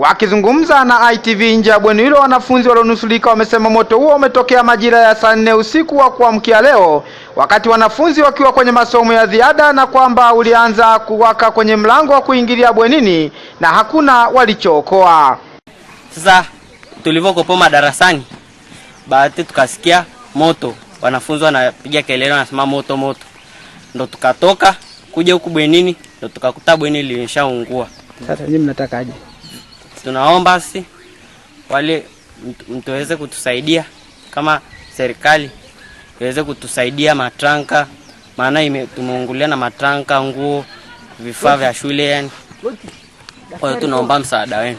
Wakizungumza na ITV nje ya bweni hilo, wanafunzi walionusulika wamesema moto huo umetokea majira ya saa nne usiku wa kuamkia leo, wakati wanafunzi wakiwa kwenye masomo ya ziada, na kwamba ulianza kuwaka kwenye mlango wa kuingilia bwenini na hakuna walichookoa. Sasa tulivyokopoma madarasani, bahati tukasikia moto, wanafunzi wanapiga kelele, wanasema moto moto, ndo tukatoka kuja huku bwenini, ndo tukakuta bweni limeshaungua. Sasa nyinyi mnataka aje? tunaomba si wale mtuweze kutusaidia kama serikali iweze kutusaidia matranka, maana tumeungulia na matranka, nguo, vifaa vya shule yani. Kwa hiyo tunaomba msaada wenu.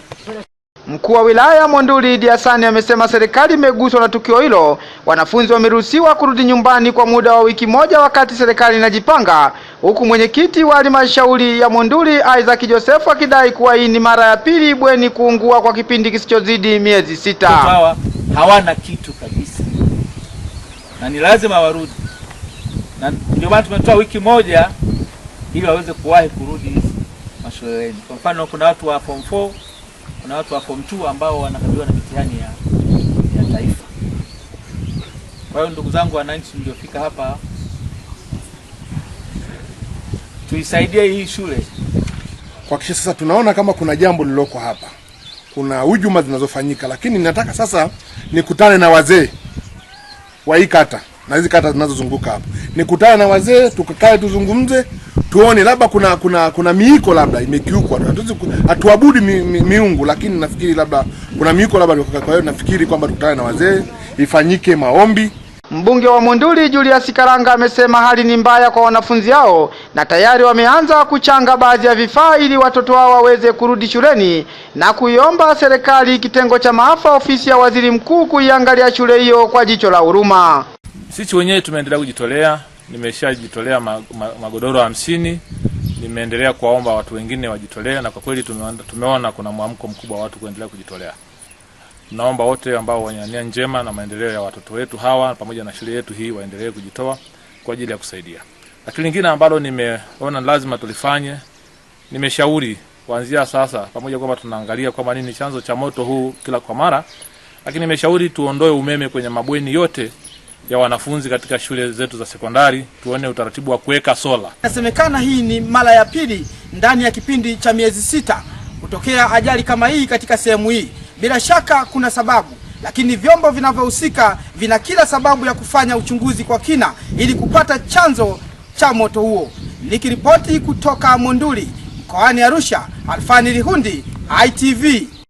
Mkuu wa wilaya Monduli Idi Hasani amesema serikali imeguswa na tukio hilo. Wanafunzi wameruhusiwa kurudi nyumbani kwa muda wa wiki moja, wakati serikali inajipanga huku mwenyekiti wa halmashauri ya Monduli Isaac Josefu akidai kuwa hii ni mara ya pili bweni kuungua kwa kipindi kisichozidi miezi sita. Hawa hawana kitu kabisa na ni lazima warudi, na ndio maana tumetoa wiki moja ili waweze kuwahi kurudi mashuleni. Kwa mfano, kuna watu wa form 4 kuna watu wa form 2 ambao wanakabiliwa na mitihani ya, ya taifa. Kwa hiyo ndugu zangu wananchi mliofika hapa tuisaidie hii shule kuhakikisha sasa tunaona kama kuna jambo liloko hapa, kuna hujuma zinazofanyika, lakini nataka sasa nikutane na wazee wa hii kata na hizi kata zinazozunguka hapa, nikutane na wazee tukakae, tuzungumze, tuone labda kuna kuna kuna miiko labda imekiukwa. Hatuabudi mi, mi, miungu, lakini nafikiri labda kuna miiko labda. Kwa hiyo nafikiri kwamba tukutane na wazee, ifanyike maombi Mbunge wa Monduli Julius Karanga amesema hali ni mbaya kwa wanafunzi hao na tayari wameanza kuchanga baadhi ya vifaa ili watoto hao waweze kurudi shuleni na kuiomba serikali kitengo cha maafa ofisi ya waziri mkuu kuiangalia shule hiyo kwa jicho la huruma. Sisi wenyewe tumeendelea kujitolea, nimeshajitolea magodoro hamsini, nimeendelea kuwaomba watu wengine wajitolee, na kwa kweli tumeona kuna mwamko mkubwa wa watu kuendelea kujitolea. Tunaomba wote ambao wenye njema na maendeleo ya watoto wetu hawa pamoja na shule yetu hii waendelee kujitoa kwa ajili ya kusaidia. Lakini lingine ambalo nimeona lazima tulifanye, nimeshauri kuanzia sasa, pamoja kwamba tunaangalia kwamba nini chanzo cha moto huu kila kwa mara, lakini nimeshauri tuondoe umeme kwenye mabweni yote ya wanafunzi katika shule zetu za sekondari, tuone utaratibu wa kuweka sola. Inasemekana hii ni mara ya pili ndani ya kipindi cha miezi sita kutokea ajali kama hii katika sehemu hii. Bila shaka kuna sababu, lakini vyombo vinavyohusika vina kila sababu ya kufanya uchunguzi kwa kina ili kupata chanzo cha moto huo. Nikiripoti kutoka Monduli mkoani Arusha, Alfani Lihundi, ITV.